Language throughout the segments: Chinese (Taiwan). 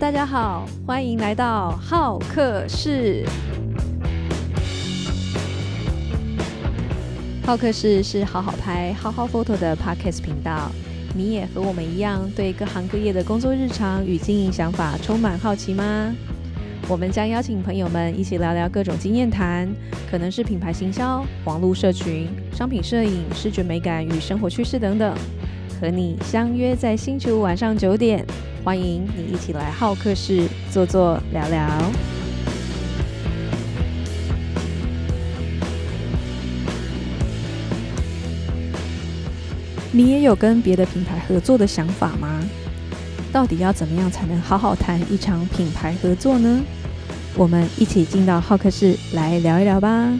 大家好，歡迎來到浩客室。浩客室是好好拍、好好 photo 的 Podcast 頻道。你也和我們一樣，對各行各業的工作日常與經營想法充滿好奇嗎？我們將邀請朋友們一起聊聊各種經驗談，可能是品牌行銷、網路社群、商品攝影、視覺美感與生活趨勢等等。和你相約在星期五晚上九點，歡迎你一起來好客室坐坐聊聊。你也有跟別的品牌合作的想法嗎？到底要怎麼樣才能好好談一場品牌合作呢？我們一起進到好客室來聊一聊吧。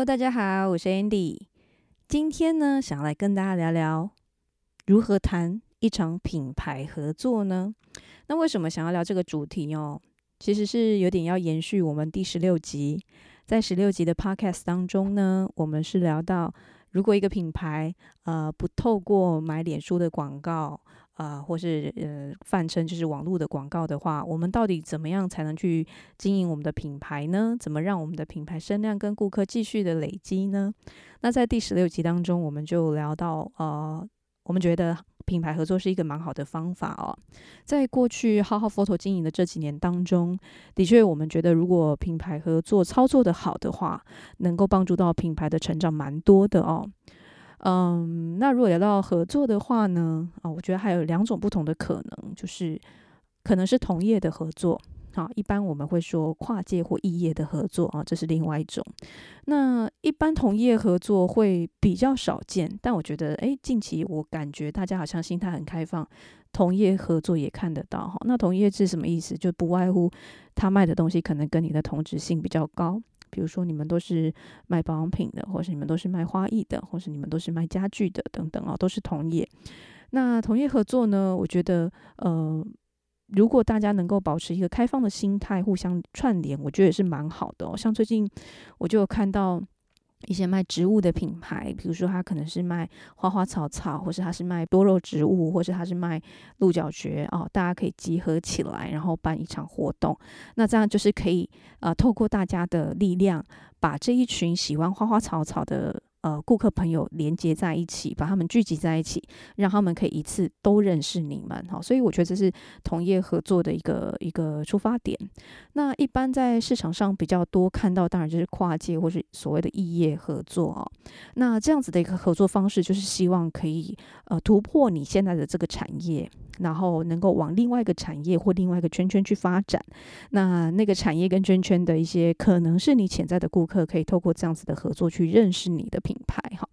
Hello, 大家好，我是 Andy。今天呢，想來跟大家聊聊如何談一場品牌合作呢？那為什麼想要聊這個主題哦？其實是有點要延續我們第十六集，在十六集的 Podcast 當中呢，我們是聊到如果一個品牌呃不透過買臉書的廣告。啊、呃，或是呃泛稱就是網絡的廣告的話，我們到底怎麼樣才能去經營我們的品牌呢？怎麼讓我們的品牌聲量跟顧客繼續的累積呢？那在第十六集當中，我們就聊到，呃，我們覺得品牌合作是一個蠻好的方法哦。在過去 HowHowPhoto 經營的這幾年當中，的確我們覺得如果品牌合作操作的好的話，能夠幫助到品牌的成長蠻多的哦。嗯，那如果聊到合作的話呢？啊，我覺得還有兩種不同的可能，就是可能是同業的合作，好、啊，一般我們會說跨界或異業的合作啊，這是另外一種。那一般同業合作會比較少見，但我覺得，哎，近期我感覺大家好像心態很開放，同業合作也看得到哈、啊。那同業是什麼意思？就不外乎他賣的東西可能跟你的同質性比較高。比如說，你們都是賣保養品的，或是你們都是賣花藝的，或是你們都是賣家具的，等等哦，都是同業。那同業合作呢？我覺得，呃，如果大家能夠保持一個開放的心態，互相串聯，我覺得也是蠻好的哦。像最近，我就有看到。一些賣植物的品牌，比如說他可能是賣花花草草，或是他是賣多肉植物，或是他是賣鹿角蕨哦，大家可以集合起來，然後辦一場活動，那這樣就是可以，呃，透過大家的力量，把這一群喜歡花花草草的。呃，顧客朋友連接在一起，把他們聚集在一起，讓他們可以一次都認識你們，哦，所以我覺得這是同業合作的一個一個出發點。那一般在市場上比較多看到，當然就是跨界或是所謂的異業合作，哦，那這樣子的一個合作方式，就是希望可以呃突破你現在的這個產業。然後能夠往另外一個產業或另外一個圈圈去發展，那那個產業跟圈圈的一些可能是你潛在的顧客，可以透過這樣子的合作去認識你的品牌哈。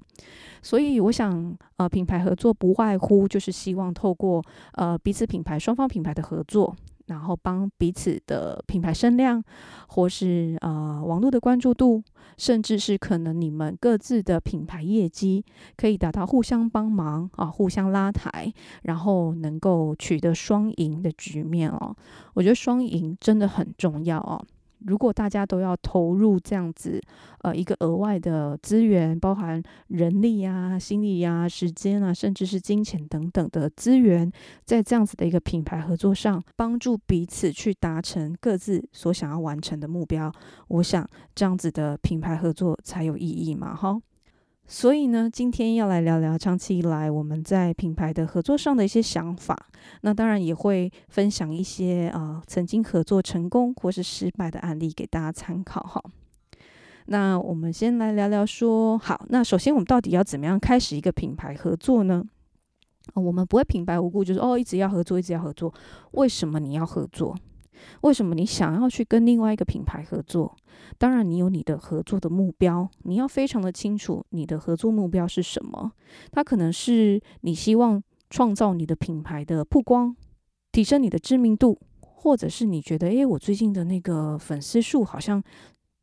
所以我想，呃，品牌合作不外乎就是希望透過呃彼此品牌雙方品牌的合作。然後幫彼此的品牌聲量，或是呃網絡的關注度，甚至是可能你們各自的品牌業績，可以達到互相幫忙啊，互相拉抬，然後能夠取得雙贏的局面哦。我覺得雙贏真的很重要哦。如果大家都要投入這樣子，呃，一個額外的資源，包含人力呀、啊、心力呀、啊、時間啊，甚至是金錢等等的資源，在這樣子的一個品牌合作上，幫助彼此去達成各自所想要完成的目標，我想這樣子的品牌合作才有意義嘛，哈。所以呢，今天要來聊聊長期以來我們在品牌的合作上的一些想法。那當然也會分享一些啊、呃，曾經合作成功或是失敗的案例給大家參考哈。那我們先來聊聊說，好，那首先我們到底要怎麼樣開始一個品牌合作呢？呃，我們不會平白無故就是哦，一直要合作，一直要合作。為什麼你要合作？為什麼你想要去跟另外一個品牌合作？當然，你有你的合作的目標，你要非常的清楚你的合作目標是什麼。它可能是你希望創造你的品牌的曝光，提升你的知名度，或者是你覺得，誒，我最近的那個粉絲數好像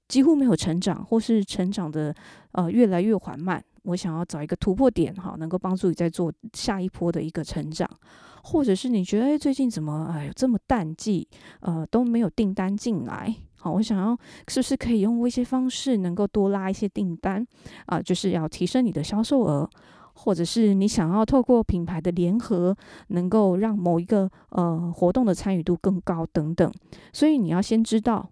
幾乎沒有成長，或是成長的，呃，越來越緩慢。我想要找一個突破點，哈，能夠幫助你在做下一波的一個成長，或者是你覺得，最近怎麼，哎，這麼淡季，呃，都沒有訂單進來，好，我想要是不是可以用一些方式能夠多拉一些訂單，啊、呃，就是要提升你的銷售額，或者是你想要透過品牌的聯合，能夠讓某一個呃活動的參與度更高，等等，所以你要先知道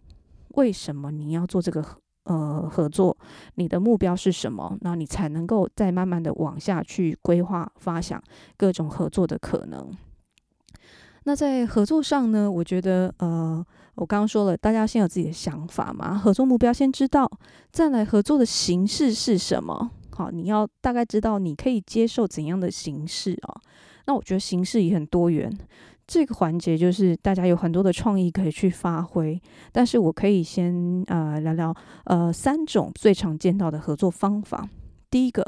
為什麼你要做這個。呃，合作，你的目標是什麼？那你才能夠再慢慢的往下去規劃、發想各種合作的可能。那在合作上呢，我覺得，呃，我剛剛說了，大家先有自己的想法嘛，合作目標先知道，再來合作的形式是什麼？好，你要大概知道你可以接受怎樣的形式哦。那我覺得形式也很多元。這個環節就是大家有很多的創意可以去發揮，但是我可以先啊、呃、聊聊呃三種最常見到的合作方法。第一個。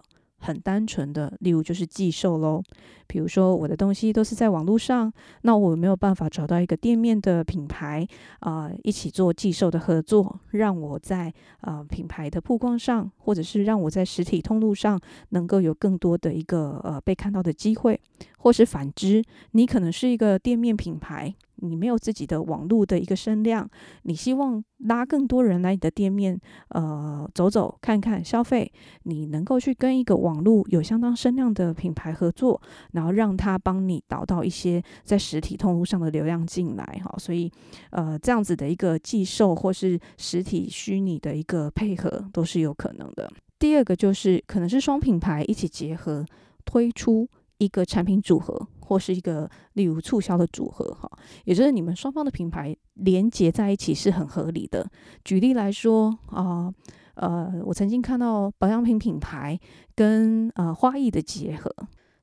很單純的，例如就是寄售嘍。比如說我的東西都是在網絡上，那我沒有辦法找到一個店面的品牌啊、呃，一起做寄售的合作，讓我在啊、呃、品牌的曝光上，或者是讓我在實體通路上能夠有更多的一個呃被看到的機會，或是反之，你可能是一個店面品牌。你沒有自己的網絡的一個聲量，你希望拉更多人來你的店面，呃，走走看看消費，你能夠去跟一個網絡有相當聲量的品牌合作，然後讓他幫你導到一些在實體通路上的流量進來，哈、哦，所以呃這樣子的一個寄售或是實體虛擬的一個配合都是有可能的。第二個就是可能是雙品牌一起結合推出一個產品組合。或是一個例如促銷的組合，哈，也就是你們雙方的品牌連接在一起是很合理的。舉例來說啊，呃，呃，我曾經看到保養品品牌跟呃花藝的結合。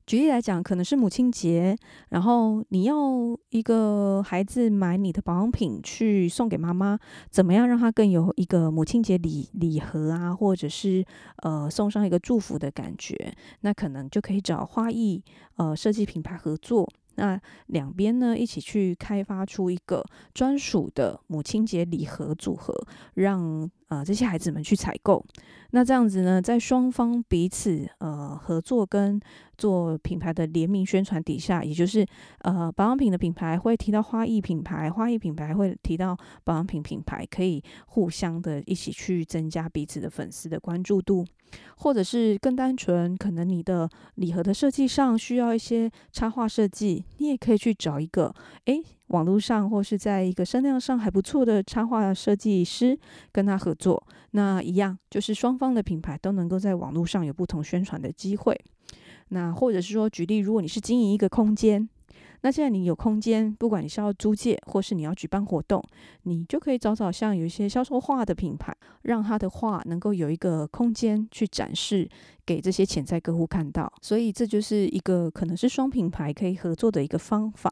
舉例來講，可能是母親節，然後你要一個孩子買你的保養品去送給媽媽，怎麼樣讓他更有一個母親節禮禮盒啊，或者是呃送上一個祝福的感覺？那可能就可以找花藝呃設計品牌合作，那兩邊呢一起去開發出一個專屬的母親節禮盒組合，讓呃這些孩子們去採購。那這樣子呢，在雙方彼此呃合作跟做品牌的聯名宣傳，底下也就是呃保養品的品牌會提到花藝品牌，花藝品牌會提到保養品品牌，可以互相的一起去增加彼此的粉絲的關注度，或者是更單純，可能你的禮盒的設計上需要一些插畫設計，你也可以去找一個誒、欸、網絡上或是在一個聲量上還不錯的插畫設計師跟他合作，那一樣就是雙方的品牌都能夠在網絡上有不同宣傳的機會。那或者是說，舉例，如果你是經營一個空間，那現在你有空間，不管你是要租借或是你要舉辦活動，你就可以找找像有一些銷售畫的品牌，讓他的畫能夠有一個空間去展示給這些潛在客戶看到。所以這就是一個可能是雙品牌可以合作的一個方法。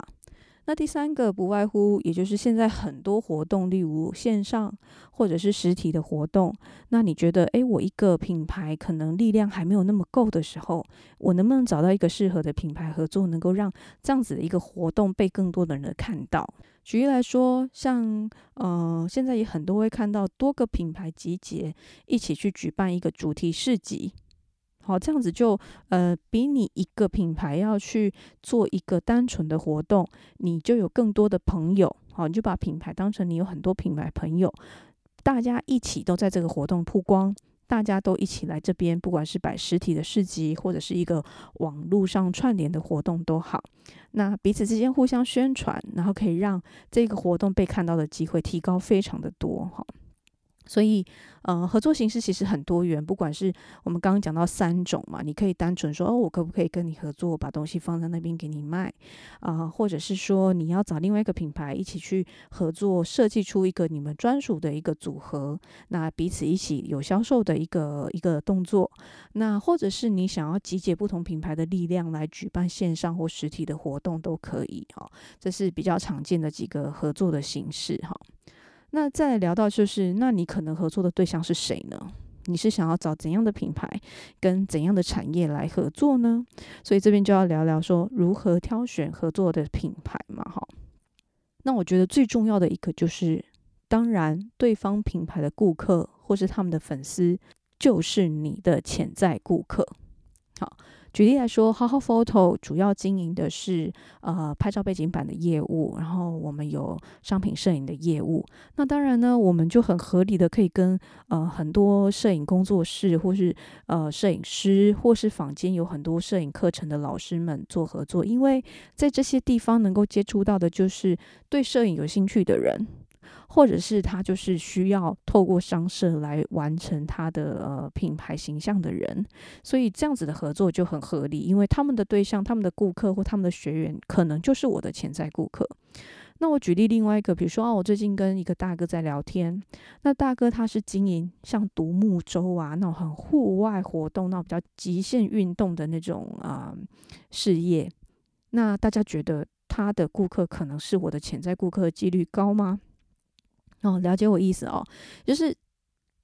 那第三個不外乎，也就是現在很多活動，例如線上或者是實體的活動。那你覺得，哎，我一個品牌可能力量還沒有那麼夠的時候，我能不能找到一個適合的品牌合作，能夠讓這樣子的一個活動被更多的人看到？舉例來說，像呃，現在也很多會看到多個品牌集結一起去舉辦一個主題市集。好，這樣子就，呃，比你一個品牌要去做一個單純的活動，你就有更多的朋友。好，你就把品牌當成你有很多品牌朋友，大家一起都在這個活動曝光，大家都一起來這邊，不管是擺實體的市集，或者是一個網絡上串聯的活動都好，那彼此之間互相宣傳，然後可以讓這個活動被看到的機會提高非常的多。好。所以，呃，合作形式其實很多元。不管是我們剛剛講到三種嘛，你可以單純說，哦，我可不可以跟你合作，把東西放在那邊給你賣啊？呃，或者是說，你要找另外一個品牌一起去合作，設計出一個你們專屬的一個組合，那彼此一起有銷售的一個一個動作。那或者是你想要集結不同品牌的力量來舉辦線上或實體的活動都可以啊。哦，這是比較常見的幾個合作的形式哈。哦。那再聊到就是，那你可能合作的對象是誰呢？你是想要找怎樣的品牌，跟怎樣的產業來合作呢？所以這邊就要聊聊說如何挑選合作的品牌嘛，哈。那我覺得最重要的一個就是，當然對方品牌的顧客或是他們的粉絲，就是你的潛在顧客，好。舉例來說，HowHowPhoto 主要經營的是呃拍照背景板的業務，然後我們有商品攝影的業務。那當然呢，我們就很合理的可以跟呃很多攝影工作室，或是呃攝影師，或是坊間有很多攝影課程的老師們做合作，因為在這些地方能夠接觸到的就是對攝影有興趣的人。或者是他就是需要透過商社來完成他的呃品牌形象的人，所以這樣子的合作就很合理，因為他們的對象、他們的顧客或他們的學員，可能就是我的潛在顧客。那我舉例另外一個，比如說啊，我最近跟一個大哥在聊天，那大哥他是經營像獨木舟啊那種很戶外活動、那種比較極限運動的那種啊、呃、事業，那大家覺得他的顧客可能是我的潛在顧客幾率高嗎？哦，了解我意思哦，就是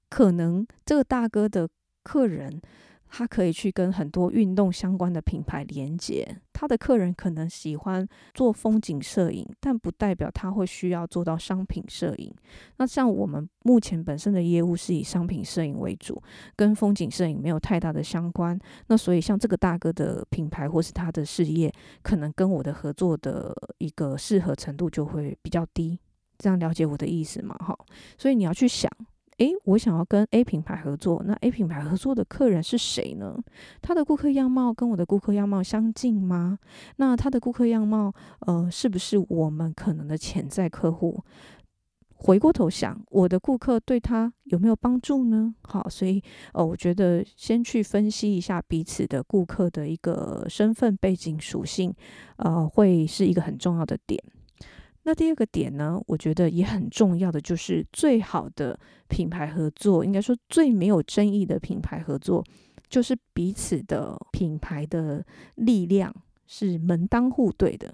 可能這個大哥的客人，他可以去跟很多運動相關的品牌連接。他的客人可能喜歡做風景攝影，但不代表他會需要做到商品攝影。那像我們目前本身的業務是以商品攝影為主，跟風景攝影沒有太大的相關。那所以像這個大哥的品牌或是他的事業，可能跟我的合作的一個適合程度就會比較低。這樣了解我的意思嗎？好、哦，所以你要去想，誒，我想要跟 A 品牌合作，那 A 品牌合作的客人是誰呢？他的顧客樣貌跟我的顧客樣貌相近嗎？那他的顧客樣貌，呃，是不是我們可能的潛在客戶？回過頭想，我的顧客對他有沒有幫助呢？好、哦，所以，呃，我覺得先去分析一下彼此的顧客的一個身份背景屬性，呃，會是一個很重要的點。那第二個點呢，我覺得也很重要的就是，最好的品牌合作，應該說最沒有爭議的品牌合作，就是彼此的品牌的力量是門當戶對的。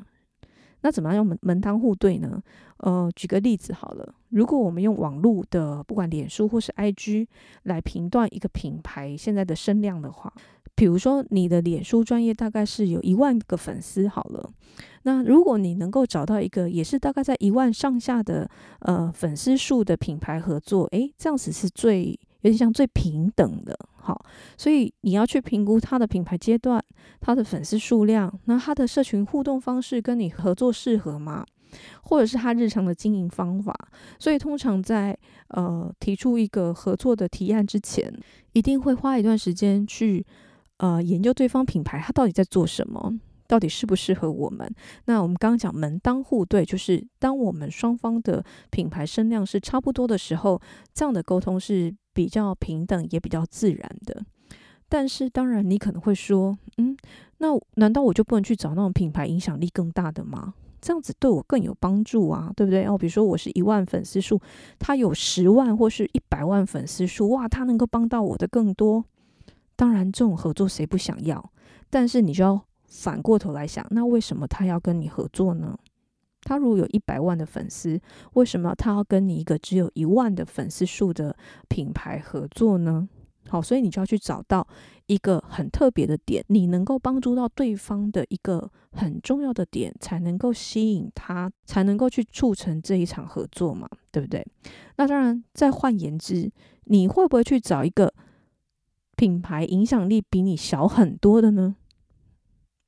那怎麼樣用門門當戶對呢？呃，舉個例子好了，如果我們用網絡的，不管臉書或是 IG 來評斷一個品牌現在的聲量的話，比如說你的臉書專頁大概是有一萬個粉絲好了。那如果你能夠找到一個也是大概在一萬上下的呃粉絲數的品牌合作，哎，這樣子是最有點像最平等的，好，所以你要去評估他的品牌階段、他的粉絲數量、那他的社群互動方式跟你合作適合嗎？或者是他日常的經營方法。所以通常在呃提出一個合作的提案之前，一定會花一段時間去呃研究對方品牌他到底在做什麼。到底適不適合我們？那我們剛剛講門當戶對，就是當我們雙方的品牌聲量是差不多的時候，這樣的溝通是比較平等也比較自然的。但是，當然你可能會說，嗯，那難道我就不能去找那種品牌影響力更大的嗎？這樣子對我更有幫助啊，對不對？哦，比如說我是一萬粉絲數，他有十萬或是一百萬粉絲數，哇，他能夠幫到我的更多。當然，這種合作誰不想要？但是你就要。反過頭來想，那為什麼他要跟你合作呢？他如果有一百萬的粉絲，為什麼他要跟你一個只有一萬的粉絲數的品牌合作呢？好，所以你就要去找到一個很特別的點，你能夠幫助到對方的一個很重要的點，才能夠吸引他，才能夠去促成這一場合作嘛，對不對？那當然，再換言之，你會不會去找一個品牌影響力比你小很多的呢？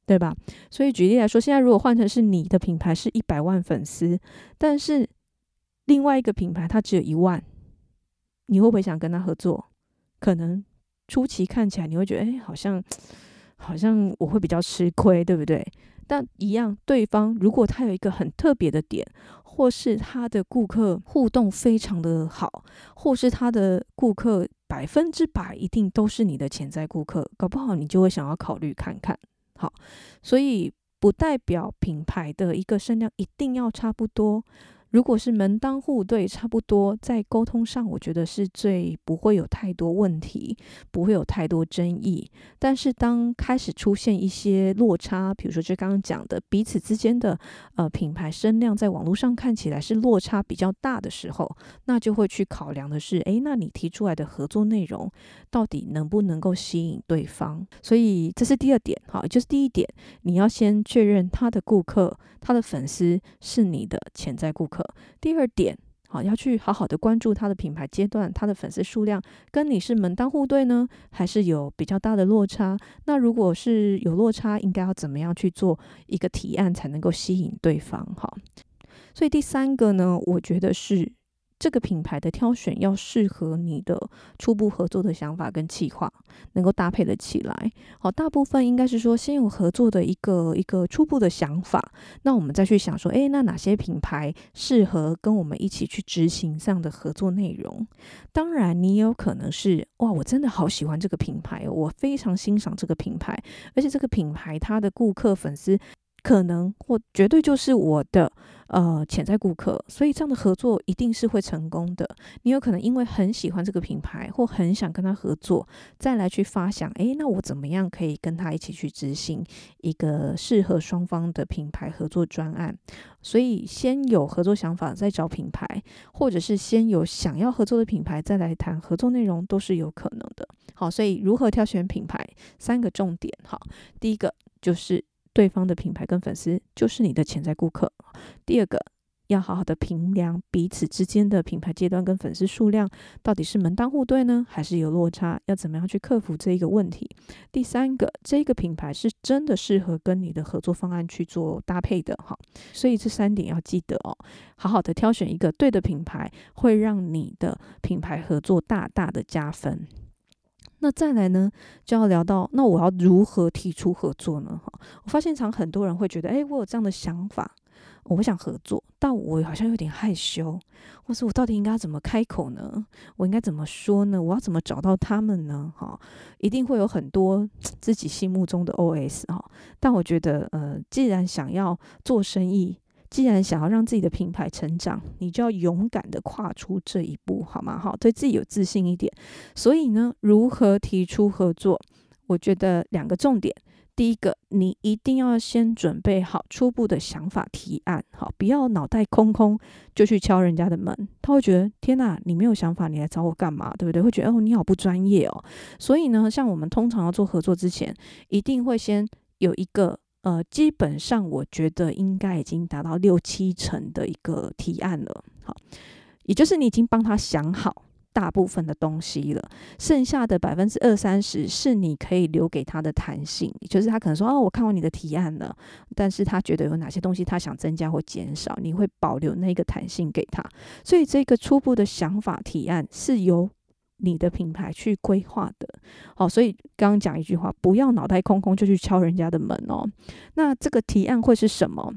對吧？所以舉例來說，現在如果換成是你的品牌是一百萬粉絲，但是另外一個品牌它只有一萬，你會不會想跟他合作？可能初期看起來你會覺得，哎、欸，好像好像我會比較吃虧，對不對？但一樣，對方如果他有一個很特別的點，或是他的顧客互動非常的好，或是他的顧客百分之百一定都是你的潛在顧客，搞不好你就會想要考慮看看。好，所以不代表品牌的一個聲量一定要差不多。如果是門當戶對，差不多在溝通上，我覺得是最不會有太多問題，不會有太多爭議。但是當開始出現一些落差，比如說就剛剛講的，彼此之間的呃品牌聲量在網絡上看起來是落差比較大的時候，那就會去考量的是，誒，那你提出來的合作內容到底能不能夠吸引對方？所以這是第二點，哈，就是第一點，你要先確認他的顧客、他的粉絲是你的潛在顧客。第二點，好，要去好好的關注他的品牌階段，他的粉絲數量跟你是門當戶對呢，還是有比較大的落差？那如果是有落差，應該要怎麼樣去做一個提案才能夠吸引對方？好，所以第三個呢，我覺得是。這個品牌的挑選要適合你的初步合作的想法跟計劃，能夠搭配得起來。好，大部分應該是說先有合作的一個一個初步的想法，那我們再去想說，誒，那哪些品牌適合跟我們一起去執行這樣的合作內容？當然，你有可能是哇，我真的好喜歡這個品牌，我非常欣賞這個品牌，而且這個品牌它的顧客粉絲可能或絕對就是我的呃，潛在顧客，所以這樣的合作一定是會成功的。你有可能因為很喜歡這個品牌，或很想跟他合作，再來去發想，欸，那我怎麼樣可以跟他一起去執行一個適合雙方的品牌合作專案？所以，先有合作想法再找品牌，或者是先有想要合作的品牌再來談合作內容，都是有可能的。好，所以如何挑選品牌？三個重點哈。第一個就是。對方的品牌跟粉絲就是你的潛在顧客。第二個，要好好的衡量彼此之間的品牌階段跟粉絲數量，到底是門當戶對呢？還是有落差？要怎麼樣去克服這一個問題？第三個，這個品牌是真的適合跟你的合作方案去做搭配的，哈。所以這三點要記得哦，好好的挑選一個對的品牌，會讓你的品牌合作大大的加分。那再來呢，就要聊到，那我要如何提出合作呢？哈，我發現常很多人會覺得，誒、欸，我有這樣的想法，我想合作，但我好像有點害羞，或是我到底應該怎麼開口呢？我應該怎麼說呢？我要怎麼找到他們呢？哈，一定會有很多自己心目中的 OS 哈，但我覺得，呃，既然想要做生意。既然想要讓自己的品牌成長，你就要勇敢的跨出這一步，好嗎？好，對自己有自信一點。所以呢，如何提出合作？我覺得兩個重點。第一個，你一定要先準備好初步的想法提案，好，不要腦袋空空就去敲人家的門，他會覺得天哪，你沒有想法，你來找我幹嘛？對不對？會覺得哦，你好不專業哦。所以呢，像我們通常要做合作之前，一定會先有一個。呃，基本上我覺得應該已經達到六七成的一個提案了。好，也就是你已經幫他想好大部分的東西了，剩下的百分之二三十是你可以留給他的彈性，也就是他可能說：“哦，我看完你的提案了，但是他覺得有哪些東西他想增加或減少，你會保留那個彈性給他。”所以這個初步的想法提案是由。你的品牌去規劃的，好，所以剛剛講一句話，不要腦袋空空就去敲人家的門哦。那這個提案會是什麼？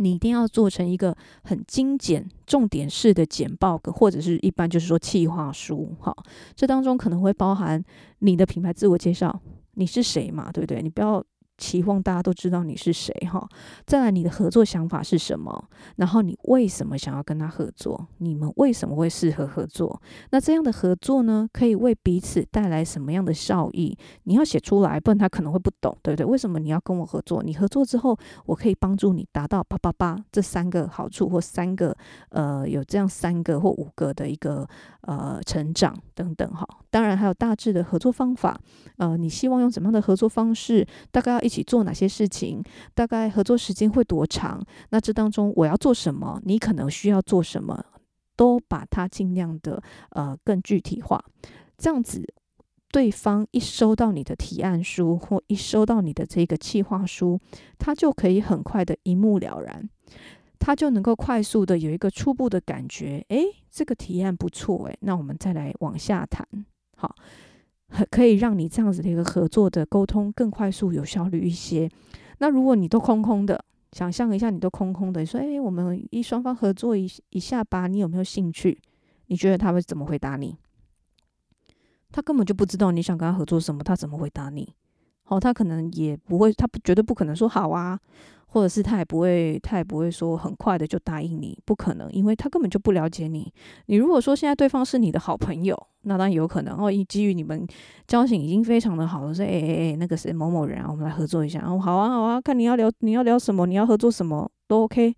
你一定要做成一個很精簡、重點式的簡報，或者是一般就是說企劃書。好，這當中可能會包含你的品牌自我介紹，你是誰嘛，對不對？你不要。期望大家都知道你是誰哈，再來你的合作想法是什麼，然後你為什麼想要跟他合作？你們為什麼會適合合作？那這樣的合作呢，可以為彼此帶來什麼樣的效益？你要寫出來，不然他可能會不懂，對不對？為什麼你要跟我合作？你合作之後，我可以幫助你達到八八八這三個好處，或三個呃有這樣三個或五個的一個呃成長等等哈。當然還有大致的合作方法，呃，你希望用怎麼樣的合作方式？大概要一起做哪些事情？大概合作時間會多長？那這當中我要做什麼？你可能需要做什麼？都把它盡量的呃更具體化，這樣子對方一收到你的提案書或一收到你的這個計劃書，他就可以很快的一目了然，他就能夠快速的有一個初步的感覺。哎，這個提案不錯。誒。那我們再來往下談。好。可以讓你這樣子的一個合作的溝通更快速、有效率一些。那如果你都空空的，想象一下，你都空空的，你說：“哎，我們一雙方合作一一下吧。”你有沒有興趣？你覺得他會怎麼回答你？他根本就不知道你想跟他合作什麼，他怎麼回答你？哦，他可能也不會，他不絕對不可能說好啊，或者是他也不會，他也不會說很快的就答應你，不可能，因為他根本就不了解你。你如果說現在對方是你的好朋友，那當然有可能哦，基於你們交情已經非常的好了，說，哎哎哎，那個是某某人啊，我們來合作一下，哦，好啊好啊，看你要聊你要聊什麼，你要合作什麼都 OK。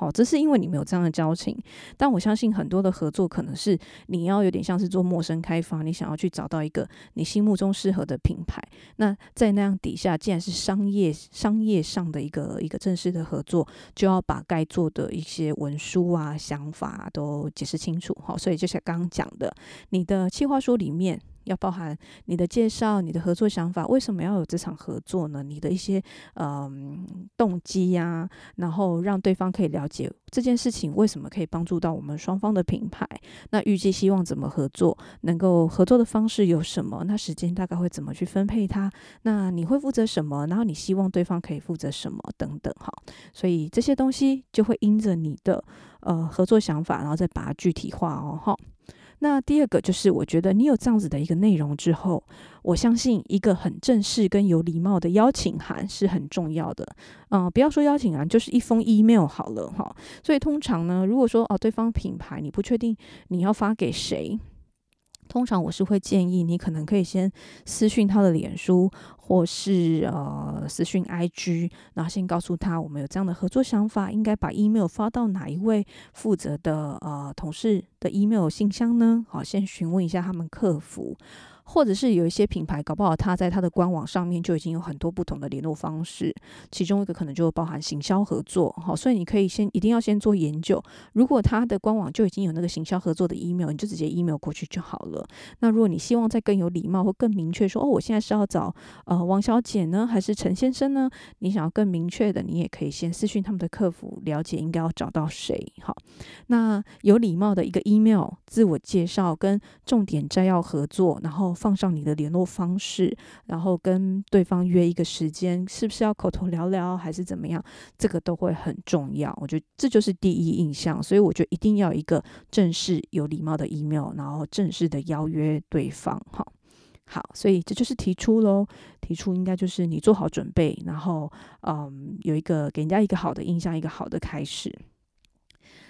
好，這是因為你們有這樣的交情，但我相信很多的合作可能是你要有點像是做陌生開發，你想要去找到一個你心目中適合的品牌。那在那樣底下，既然是商業商業上的一個一個正式的合作，就要把該做的一些文書啊、想法啊，都解釋清楚。好，哦，所以就像剛剛講的，你的企劃書裡面。要包含你的介紹、你的合作想法，為什麼要有這場合作呢？你的一些嗯、呃、動機呀、啊，然後讓對方可以了解這件事情為什麼可以幫助到我們雙方的品牌。那預計希望怎麼合作？能夠合作的方式有什麼？那時間大概會怎麼去分配它？那你會負責什麼？然後你希望對方可以負責什麼？等等哈。所以這些東西就會因着你的呃合作想法，然後再把它具體化哦哈。那第二個就是，我覺得你有這樣子的一個內容之後，我相信一個很正式跟有禮貌的邀請函是很重要的。嗯、呃，不要說邀請函，就是一封 email 好了哈。所以通常呢，如果說哦、啊，對方品牌你不確定你要發給誰？通常我是會建議你，可能可以先私訊他的臉書，或是呃私訊 IG，然後先告訴他我們有這樣的合作想法，應該把 email 發到哪一位負責的呃同事的 email 信箱呢？好，哦，先詢問一下他們客服。或者是有一些品牌，搞不好他在他的官網上面就已經有很多不同的聯絡方式，其中一個可能就包含行銷合作，好，所以你可以先一定要先做研究。如果他的官網就已經有那個行銷合作的 email，你就直接 email 過去就好了。那如果你希望再更有禮貌或更明確說，哦，我現在是要找呃王小姐呢，還是陳先生呢？你想要更明確的，你也可以先私訊他們的客服了解應該要找到誰。好，那有禮貌的一個 email，自我介紹跟重點摘要合作，然後。放上你的聯絡方式，然後跟對方約一個時間，是不是要口頭聊聊，還是怎麼樣？這個都會很重要。我覺得這就是第一印象，所以我覺得一定要一個正式、有禮貌的 email，然後正式的邀約對方。哈、哦，好，所以這就是提出嘍。提出應該就是你做好準備，然後嗯，有一個給人家一個好的印象，一個好的開始。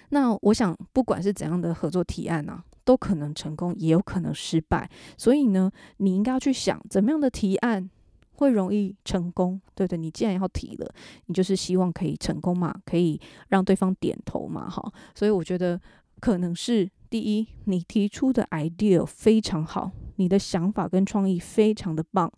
那我想，不管是怎樣的合作提案呢、啊？都可能成功，也有可能失敗。所以呢，你應該要去想，怎麼樣的提案會容易成功？對不對？你既然要提了，你就是希望可以成功嘛，可以讓對方點頭嘛，哈。所以我覺得可能是第一，你提出的 idea 非常好，你的想法跟創意非常的棒，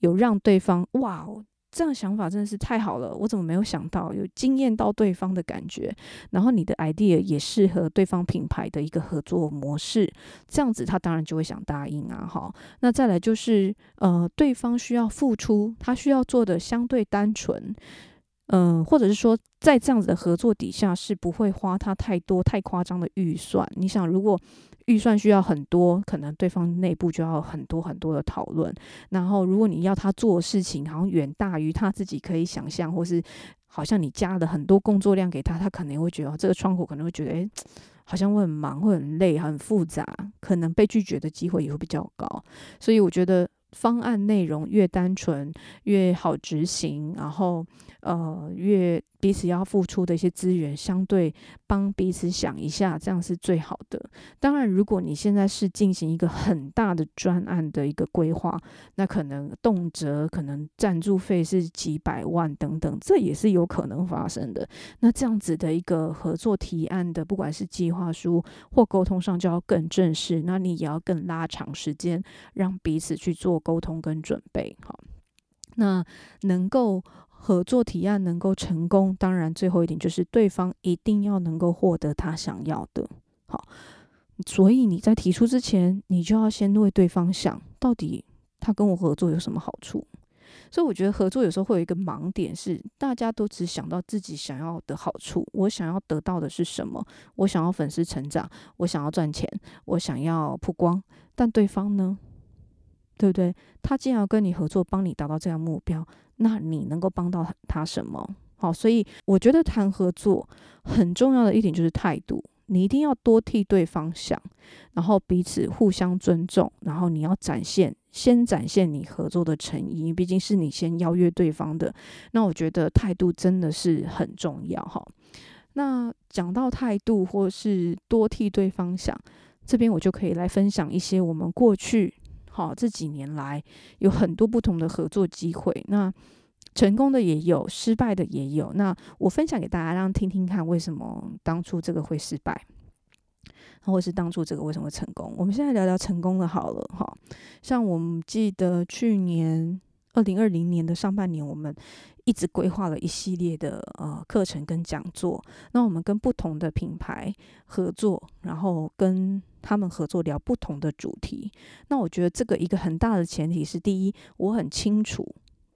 有讓對方哇、哦這樣想法真的是太好了，我怎麼沒有想到，有驚豔到對方的感覺。然後你的 idea 也是和對方品牌的一個合作模式，這樣子他當然就會想答應啊，哈。那再來就是，呃，對方需要付出，他需要做的相對單純。嗯，或者是說，在這樣子的合作底下，是不會花他太多、太誇張的預算。你想，如果預算需要很多，可能對方內部就要很多很多的討論。然後，如果你要他做的事情，好像遠大於他自己可以想象，或是好像你加了很多工作量給他，他可能會覺得，這個窗口可能會覺得，哎、欸，好像會很忙，會很累，很複雜，可能被拒絕的機會也會比較高。所以，我覺得。方案內容越單純越好執行，然後呃越。彼此要付出的一些資源，相對幫彼此想一下，這樣是最好的。當然，如果你現在是進行一個很大的專案的一個規劃，那可能動輒可能贊助費是幾百萬等等，這也是有可能發生的。那這樣子的一個合作提案的，不管是計劃書或溝通上，就要更正式。那你也要更拉長時間，讓彼此去做溝通跟準備。好，那能夠。合作提案能夠成功，當然最後一點就是對方一定要能夠獲得他想要的。好，所以你在提出之前，你就要先為對方想，到底他跟我合作有什麼好處？所以我覺得合作有時候會有一個盲點是，大家都只想到自己想要的好處。我想要得到的是什麼？我想要粉絲成長，我想要賺錢，我想要曝光。但對方呢？對不對？他既然要跟你合作，幫你達到這樣目標。那你能夠幫到他什麼？好，所以我覺得談合作很重要的一點就是態度，你一定要多替對方想，然後彼此互相尊重，然後你要展現，先展現你合作的誠意，畢竟是你先邀約對方的。那我覺得態度真的是很重要哈。那講到態度或是多替對方想，這邊我就可以來分享一些我們過去。好，這幾年來有很多不同的合作機會，那成功的也有，失敗的也有。那我分享給大家，讓聽聽看為什麼當初這個會失敗，或是當初這個為什麼成功。我們現在聊聊成功的好了。哈，像我們記得去年二零二零年的上半年，我們一直規劃了一系列的呃課程跟講座，那我們跟不同的品牌合作，然後跟。他們合作聊不同的主題，那我覺得這個一個很大的前提是，第一，我很清楚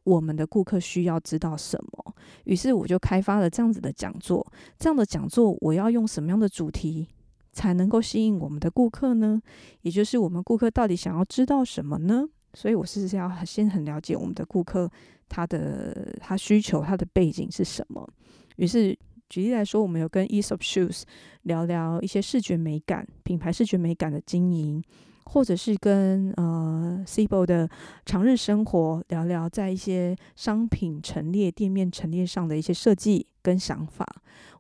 我們的顧客需要知道什麼，於是我就開發了這樣子的講座。這樣的講座我要用什麼樣的主題才能夠吸引我們的顧客呢？也就是我們顧客到底想要知道什麼呢？所以我是要先很了解我們的顧客，他的他需求他的背景是什麼。於是舉例來說，我們有跟 ESOP Shoes。聊聊一些視覺美感、品牌視覺美感的經營，或者是跟呃 Cibo 的長日生活聊聊在一些商品陳列、店面陳列上的一些設計跟想法。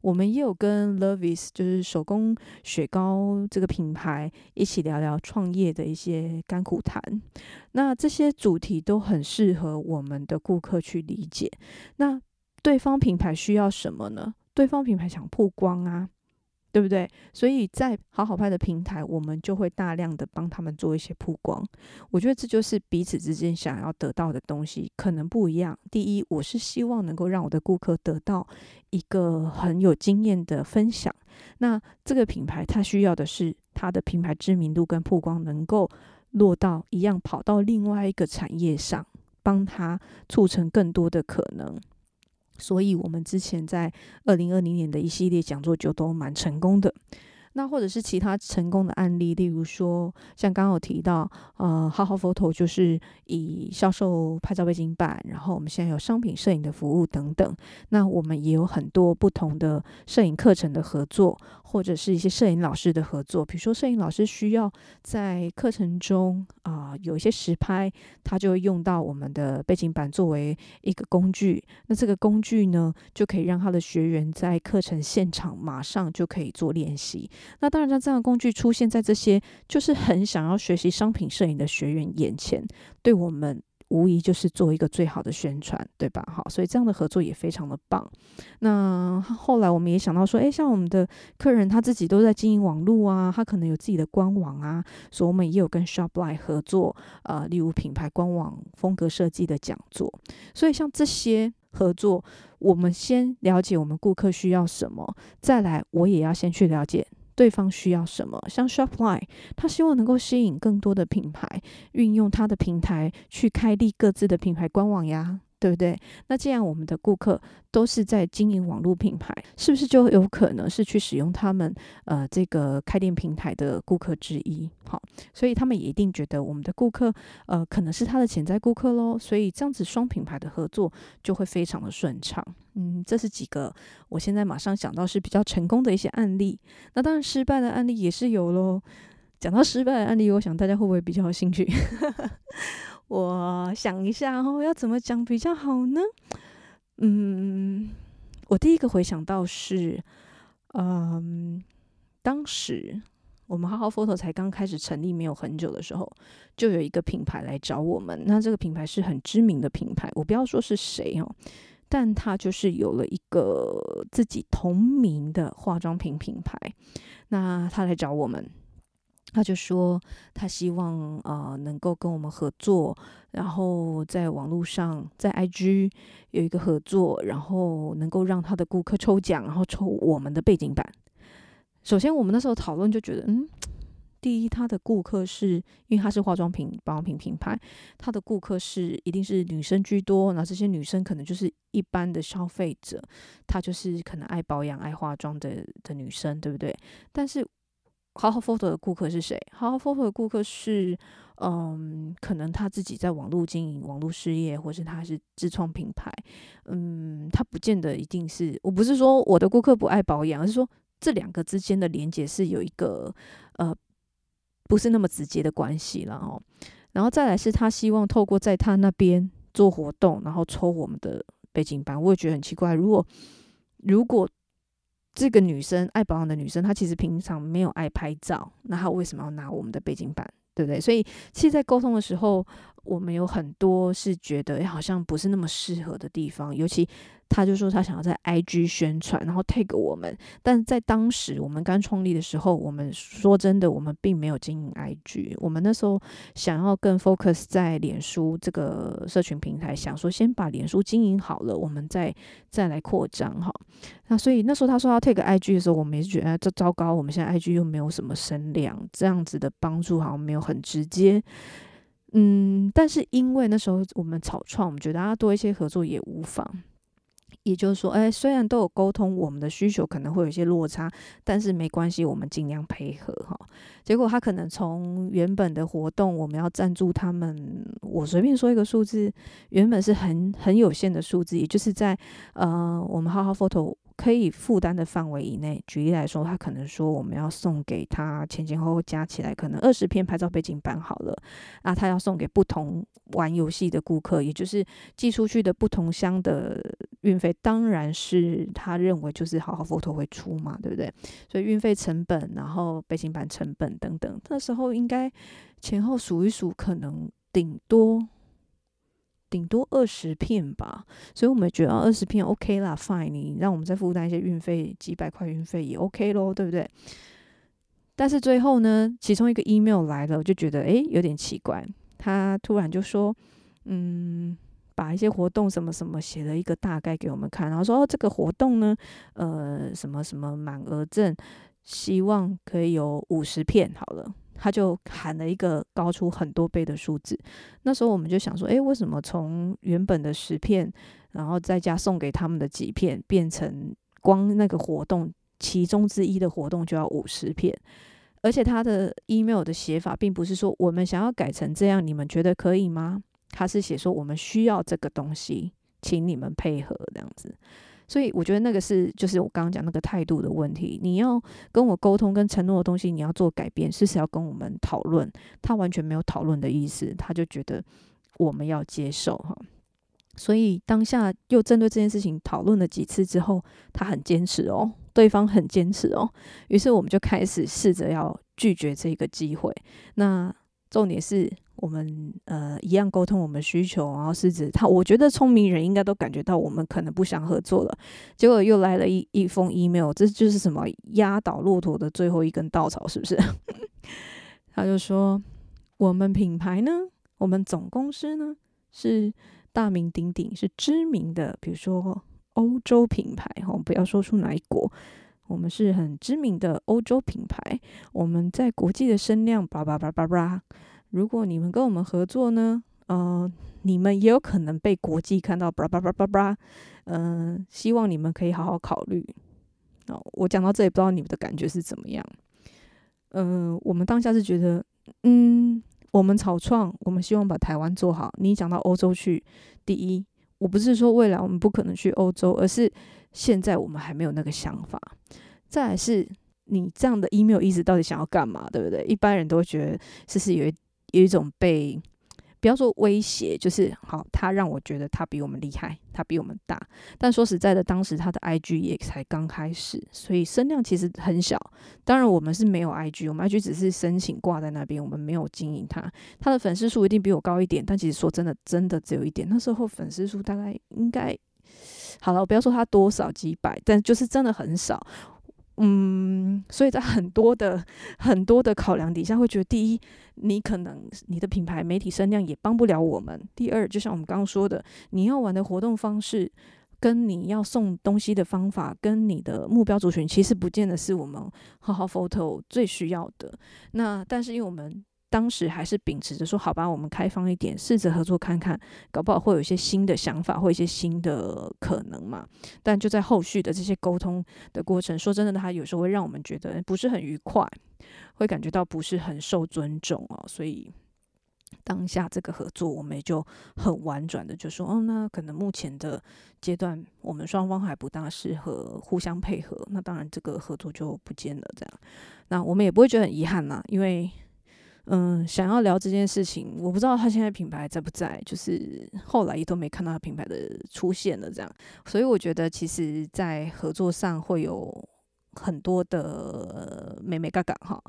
我們也有跟 Lovies 就是手工雪糕這個品牌一起聊聊創業的一些甘苦談。那這些主題都很適合我們的顧客去理解。那對方品牌需要什麼呢？對方品牌想曝光啊！對不對？所以在好好拍的平台，我們就會大量的幫他們做一些曝光。我覺得這就是彼此之間想要得到的東西，可能不一樣。第一，我是希望能夠讓我的顧客得到一個很有經驗的分享。那這個品牌它需要的是它的品牌知名度跟曝光能夠落到一樣，跑到另外一個產業上，幫他促成更多的可能。所以，我們之前在二零二零年的一系列講座就都蠻成功的。那或者是其他成功的案例，例如說像剛剛有提到，呃，HowHowPhoto 就是以銷售拍照背景板，然後我們現在有商品攝影的服務等等。那我們也有很多不同的攝影課程的合作，或者是一些攝影老師的合作。比如說，攝影老師需要在課程中啊，呃，有一些實拍，他就會用到我們的背景板作為一個工具。那這個工具呢，就可以讓他的學員在課程現場馬上就可以做練習。那當然，像這樣的工具出現在這些就是很想要學習商品攝影的學員眼前，對我們無疑就是做一個最好的宣傳，對吧？好，所以這樣的合作也非常的棒。那後來我們也想到說，哎，像我們的客人他自己都在經營網絡啊，他可能有自己的官網啊，所以我們也有跟 SHOPLINE 合作，呃，例如品牌官網風格設計的講座。所以像這些合作，我們先了解我們顧客需要什麼，再來我也要先去了解。對方需要什麼？像 Shopline，他希望能夠吸引更多的品牌，運用他的平台去開立各自的品牌官網呀。對不對？那這樣我們的顧客都是在經營網絡品牌，是不是就有可能是去使用他們呃這個開店平台的顧客之一？好，所以他們也一定覺得我們的顧客呃可能是他的潛在顧客嘍。所以這樣子雙品牌的合作就會非常的順暢。嗯，這是幾個我現在馬上想到是比較成功的一些案例。那當然失敗的案例也是有嘍。講到失敗的案例，我想大家會不會比較有興趣？ 我想一下哦，要怎麼講比較好呢？嗯，我第一個回想到是，嗯，當時我們 HowHowPhoto 才剛開始成立沒有很久的時候，就有一個品牌來找我們。那這個品牌是很知名的品牌，我不要說是誰哦，但他就是有了一個自己同名的化妝品品牌，那他來找我們。他就說，他希望啊、呃、能夠跟我們合作，然後在網絡上在 IG 有一個合作，然後能夠讓他的顧客抽獎，然後抽我們的背景板。首先，我們那時候討論就覺得，嗯，第一，他的顧客是，因為他是化妝品保養品品牌，他的顧客是一定是女生居多，然後這些女生可能就是一般的消費者，她就是可能愛保養、愛化妝的的女生，對不對？但是。HowHowPhoto 的顧客是誰？HowHowPhoto 的顧客是，嗯，可能他自己在網絡經營、網絡事業，或是他是自創品牌，嗯，他不見得一定是我不是說我的顧客不愛保養，而是說這兩個之間的連接是有一個呃，不是那麼直接的關係了哦。然後再來是他希望透過在他那邊做活動，然後抽我們的背景板，我也覺得很奇怪。如果如果這個女生愛保養的女生，她其實平常沒有愛拍照，那她為什麼要拿我們的背景板，對不對？所以，其實，在溝通的時候，我們有很多是覺得好像不是那麼適合的地方，尤其他就說他想要在 IG 宣傳，然後 tag 我們。但在當時我們剛創立的時候，我們說真的，我們並沒有經營 IG。我們那時候想要更 focus 在臉書這個社群平台，想說先把臉書經營好了，我們再再來擴張哈。那所以那時候他說要 tag IG 的時候，我們也是覺得、啊、這糟糕，我們現在 IG 又沒有什麼聲量，這樣子的幫助好像沒有很直接。嗯，但是因為那時候我們草創，我們覺得大家多一些合作也無妨。也就是說，哎、欸，雖然都有溝通，我們的需求可能會有一些落差，但是沒關係，我們儘量配合哈。結果他可能從原本的活動，我們要贊助他們，我隨便說一個數字，原本是很很有限的數字，也就是在呃，我們 HowHow Photo。可以負擔的範圍以內，舉例來說，他可能說我們要送給他前前後後加起來可能二十片拍照背景板好了，那他要送給不同玩遊戲的顧客，也就是寄出去的不同箱的運費，當然是他認為就是好好 photo 會出嘛，對不對？所以運費成本，然後背景板成本等等，那時候應該前後數一數，可能頂多。頂多二十片吧，所以我們覺得二十片 OK 啦，Fine。你讓我們再負擔一些運費，幾百塊運費也 OK 咯，對不對？但是最後呢，其中一個 email 來了，我就覺得哎、欸、有點奇怪。他突然就說，嗯，把一些活動什麼什麼寫了一個大概給我們看，然後說、哦、這個活動呢，呃，什麼什麼滿額贈，希望可以有五十片好了。他就喊了一個高出很多倍的數字。那時候我們就想說，誒，為什麼從原本的十片，然後再加送給他們的幾片，變成光那個活動其中之一的活動就要五十片？而且他的 email 的寫法並不是說我們想要改成這樣，你們覺得可以嗎？他是寫說，我們需要這個東西，請你們配合這樣子。所以我覺得那個是，就是我剛剛講那個態度的問題。你要跟我溝通、跟承諾的東西，你要做改變，是是要跟我們討論。他完全沒有討論的意思，他就覺得我們要接受哈。所以當下又針對這件事情討論了幾次之後，他很堅持哦，對方很堅持哦，於是我們就開始試着要拒絕這個機會。那重點是。我們呃一樣溝通我們需求，然後是指他，我覺得聰明人應該都感覺到我們可能不想合作了。結果又來了一一封 email，這就是什麼壓倒駱駝的最後一根稻草，是不是？ 他就說，我們品牌呢，我們總公司呢是大名鼎鼎，是知名的，比如說歐洲品牌哈、哦，我們不要說出哪一國，我們是很知名的歐洲品牌，我們在國際的聲量叭叭叭叭叭。如果你們跟我們合作呢？嗯、呃，你們也有可能被國際看到，巴拉巴拉巴拉巴拉。嗯、呃，希望你們可以好好考慮。哦，我講到這也不知道你們的感覺是怎麼樣。嗯、呃，我們當下是覺得，嗯，我們草創，我們希望把台灣做好。你講到歐洲去，第一，我不是說未來我們不可能去歐洲，而是現在我們還沒有那個想法。再來是，你這樣的 email 意思到底想要幹嘛？對不對？一般人都會覺得，是是有一。有一種被，不要說威脅，就是好，他讓我覺得他比我們厲害，他比我們大。但說實在的，當時他的 IG 也才剛開始，所以聲量其實很小。當然我們是沒有 IG，我們 IG 只是申請掛在那邊，我們沒有經營它。他的粉絲數一定比我高一點，但其實說真的，真的只有一點。那時候粉絲數大概應該好了，我不要說他多少幾百，但就是真的很少。嗯，所以在很多的很多的考量底下，會覺得第一，你可能你的品牌媒體聲量也幫不了我們；第二，就像我們剛剛說的，你要玩的活動方式，跟你要送東西的方法，跟你的目標族群，其實不見得是我們好好 photo 最需要的。那但是因為我們。當時還是秉持着說，好吧，我們開放一點，試着合作看看，搞不好會有一些新的想法，或一些新的可能嘛。但就在後續的這些溝通的過程，說真的，他有時候會讓我們覺得不是很愉快，會感覺到不是很受尊重哦。所以當下這個合作，我們也就很婉轉的就說，哦，那可能目前的階段，我們雙方還不大適合互相配合，那當然這個合作就不見了。這樣，那我們也不會覺得很遺憾啦，因為。嗯，想要聊這件事情，我不知道他現在品牌在不在，就是後來也都沒看到他品牌的出現了，這樣，所以我覺得其實，在合作上會有很多的眉眉角角哈。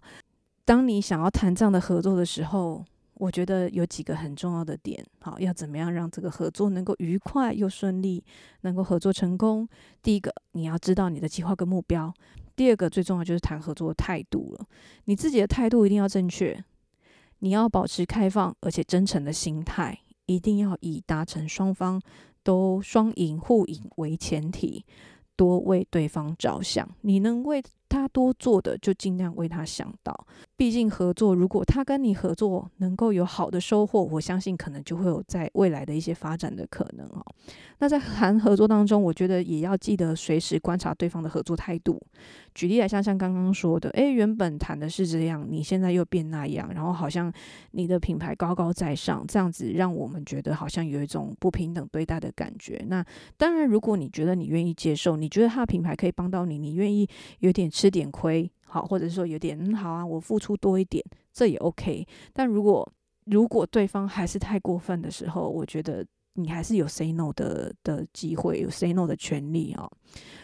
當你想要談這樣的合作的時候，我覺得有幾個很重要的點，好，要怎麼樣讓這個合作能夠愉快又順利，能夠合作成功？第一個，你要知道你的計劃跟目標；第二個，最重要就是談合作的態度了，你自己的態度一定要正確。你要保持開放而且真誠的心態，一定要以達成雙方都雙贏互贏為前提，多為對方着想。你能為他多做的，就儘量為他想到。畢竟合作，如果他跟你合作能夠有好的收穫，我相信可能就會有在未來的一些發展的可能哦。那在談合作當中，我覺得也要記得隨時觀察對方的合作態度。舉例來，像像剛剛說的，誒，原本談的是這樣，你現在又變那樣，然後好像你的品牌高高在上，這樣子讓我們覺得好像有一種不平等對待的感覺。那當然，如果你覺得你願意接受，你覺得他的品牌可以幫到你，你願意有點吃點虧，好，或者是說有點，嗯，好啊，我付出多一點，這也 OK。但如果如果對方還是太過分的時候，我覺得。你還是有 say no 的的機會，有 say no 的權利哦。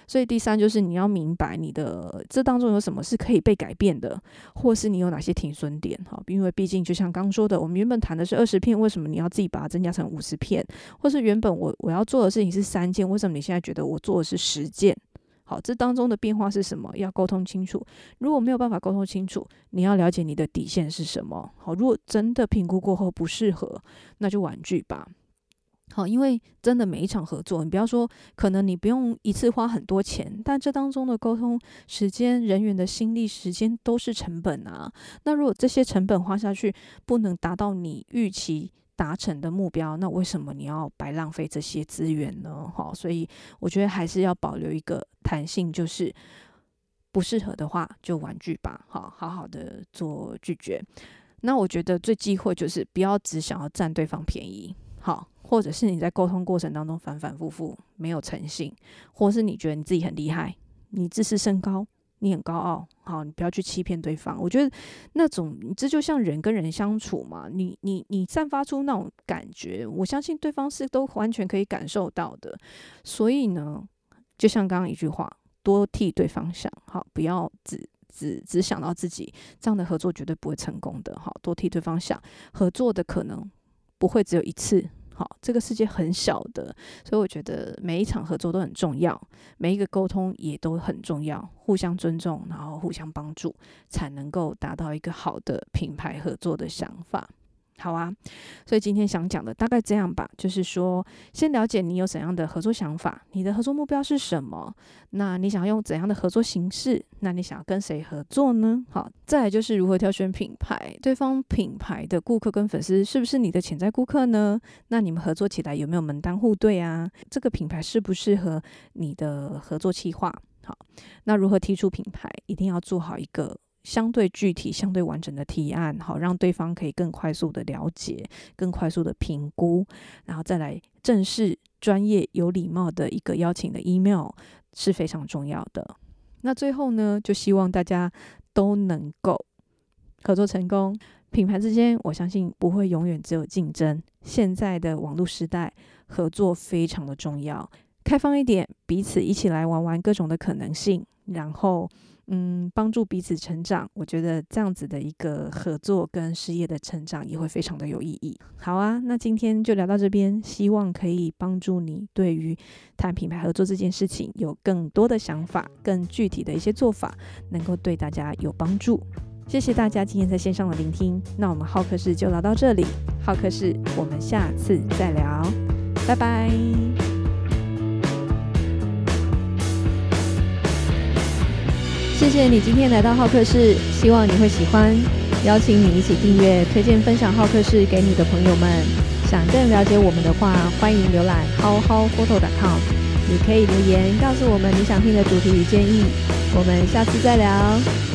所以第三就是你要明白你的這當中有什麼是可以被改變的，或是你有哪些停損點。好，因為畢竟就像剛剛說的，我們原本談的是二十片，為什麼你要自己把它增加成五十片？或是原本我我要做的事情是三件，為什麼你現在覺得我做的是十件？好，這當中的變化是什麼？要溝通清楚。如果沒有辦法溝通清楚，你要了解你的底線是什麼。好，如果真的評估過後不適合，那就婉拒吧。好，因為真的每一場合作，你不要說可能你不用一次花很多錢，但這當中的溝通時間、人員的心力、時間都是成本啊。那如果這些成本花下去不能達到你預期達成的目標，那為什麼你要白浪費這些資源呢？好，所以我覺得還是要保留一個彈性，就是不適合的話，就婉拒吧。好，好好的做拒絕。那我覺得最忌諱就是不要只想要占對方便宜。好。或者是你在溝通過程當中反反复覆沒有誠信，或是你覺得你自己很厲害，你自視甚高，你很高傲，好，你不要去欺騙對方。我覺得那種，你這就像人跟人相處嘛，你你你散發出那種感覺，我相信對方是都完全可以感受到的。所以呢，就像剛剛一句話，多替對方想，好，不要只只只想到自己，這樣的合作絕對不會成功的。好，多替對方想，合作的可能不會只有一次。好，這個世界很小的，所以我覺得每一場合作都很重要，每一個溝通也都很重要，互相尊重，然後互相幫助，才能夠達到一個好的品牌合作的想法。好啊，所以今天想講的大概這樣吧，就是說，先了解你有怎樣的合作想法，你的合作目標是什麼？那你想要用怎樣的合作形式？那你想要跟誰合作呢？好，再來就是如何挑選品牌，對方品牌的顧客跟粉絲是不是你的潛在顧客呢？那你們合作起來有沒有門當戶對啊？這個品牌適不適合你的合作企劃？好，那如何提出品牌，一定要做好一個。相對具體、相對完整的提案，好讓對方可以更快速的了解、更快速的評估，然後再來正式、專業、有禮貌的一個邀請的 email 是非常重要的。那最後呢，就希望大家都能夠合作成功。品牌之間，我相信不會永遠只有競爭。現在的網絡時代，合作非常的重要，開放一點，彼此一起來玩玩各種的可能性，然後。嗯，幫助彼此成長，我覺得這樣子的一個合作跟事業的成長也會非常的有意義。好啊，那今天就聊到這邊，希望可以幫助你對於談品牌合作這件事情有更多的想法，更具體的一些做法，能夠對大家有幫助。謝謝大家今天在線上的聆聽，那我們浩客室就聊到這裡，浩客室，我們下次再聊，拜拜。謝謝你今天來到浩客室，希望你會喜歡。邀請你一起訂閱、推薦、分享浩客室給你的朋友們。想更了解我們的話，歡迎瀏覽 howhowphoto.com。你可以留言告訴我們你想聽的主題與建議。我們下次再聊。